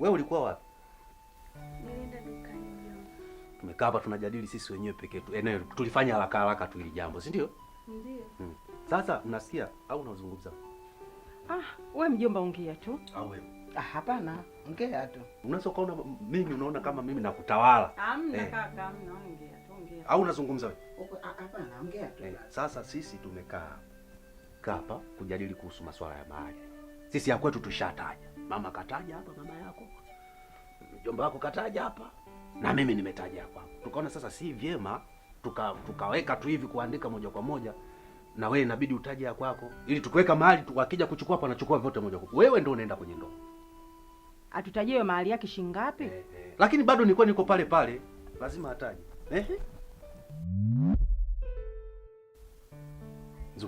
Wewe ulikuwa wapi? Nilienda dukani mjomba. Tumekaa hapa tunajadili sisi wenyewe peke yetu. Eneo tulifanya haraka haraka tu ili jambo, si ndio? Ndio. Hmm. Sasa mnasikia au unazungumza? Ah, wewe mjomba ongea tu. Ah, wewe? Ah, hapana, ongea tu. Unaweza kuona mimi unaona kama mimi nakutawala. Hamna eh, kaka, hamna ongea tu, ongea. Au unazungumza wewe? Ah, hapana, ongea tu. Eh, sasa sisi tumekaa hapa kujadili kuhusu masuala ya mahali. Sisi ya kwetu tushataja, mama kataja hapa, mama yako mjomba wako kataja hapa, na mimi nimetaja hapa. Tukaona sasa si vyema tuka, tukaweka tu hivi kuandika moja kwa moja, na wewe inabidi utaje ya kwako, ili tukiweka mahali wakija kuchukua hapa, anachukua vyote moja kwa wewe, ndio unaenda kwenye ndoa. Atutajie mahali yake shingapi? Eh, eh. Lakini bado nilikuwa niko pale pale, lazima ataje eh?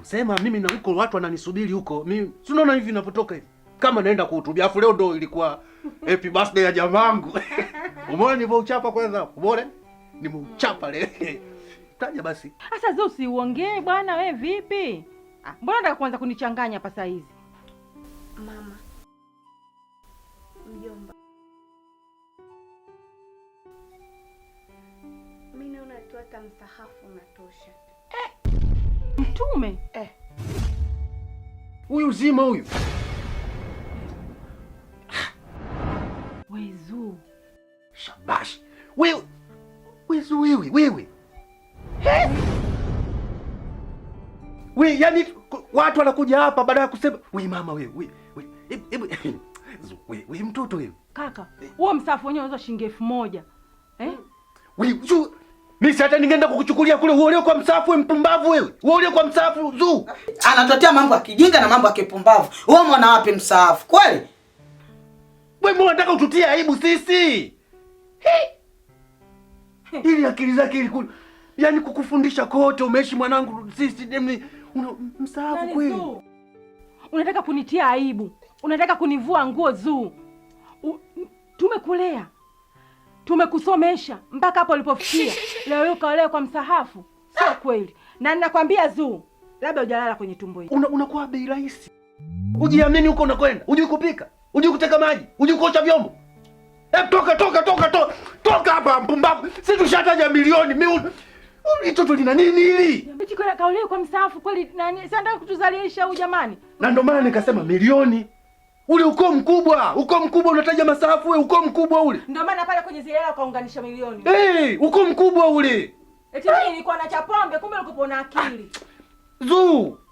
Sema mimi na huko watu wananisubiri huko. Mimi si unaona hivi ninapotoka hivi. Kama naenda kuhutubia. Afu leo ndo ilikuwa happy birthday ya jamangu. Umeona uchapa kwanza? Umeona? Nimeuchapa leo. Taja basi. Sasa zao usiuongee bwana wewe vipi? Ah, mbona unataka kuanza kunichanganya hapa saa hizi? Mama. Mjomba. Mimi naona tu hata msahafu unatosha. Mtume eh. huyu eh. Zima huyu Wezu shabash wewe, Wezu wewe wewe We, yani watu wanakuja hapa baada ya kusema we mama we, we, we, ebu, we, we mtoto wewe kaka, eh. huo msafu wenyewe unaweza shilingi elfu moja eh? we, Misi hata ningeenda kukuchukulia kule uoleo kwa msafu we mpumbavu wewe. Uoleo kwa msafu zuu. Anatotea mambo ya kijinga na mambo ya kipumbavu. Wewe mwana wapi msafu? Kweli? Wewe mbona unataka ututie aibu sisi? Ili akili zake ilikuwa yaani kukufundisha kote umeishi mwanangu sisi demi msafu yaani kweli. Unataka kunitia aibu. Unataka kunivua nguo zuu. Tumekulea. Tumekusomesha mpaka hapo ulipofikia. Leo hii ukaolewa kwa msahafu, sio kweli. Na ninakwambia Zuu, labda hujalala kwenye tumbo hili. Unakuwa una bei rahisi, ujiamini huko unakwenda. Hujui kupika, hujui kuteka maji, hujui kuosha vyombo. E, toka toka toka to, toka hapa, mpumbavu! Si tushataja milioni mi tu lina nini hili? Kaolewa kwa msahafu kweli nani? Sasa ndio kutuzalisha huyu jamani. Na ndio maana nikasema milioni Ule ukoo mkubwa, ukoo mkubwa unataja masahafu wewe, ukoo mkubwa ule. Ndio maana pale kwenye zile hela ukaunganisha milioni. Eh, hey, ukoo mkubwa ule. Eti mimi nilikuwa na cha pombe, kumbe ulikuwa na akili. Zuu.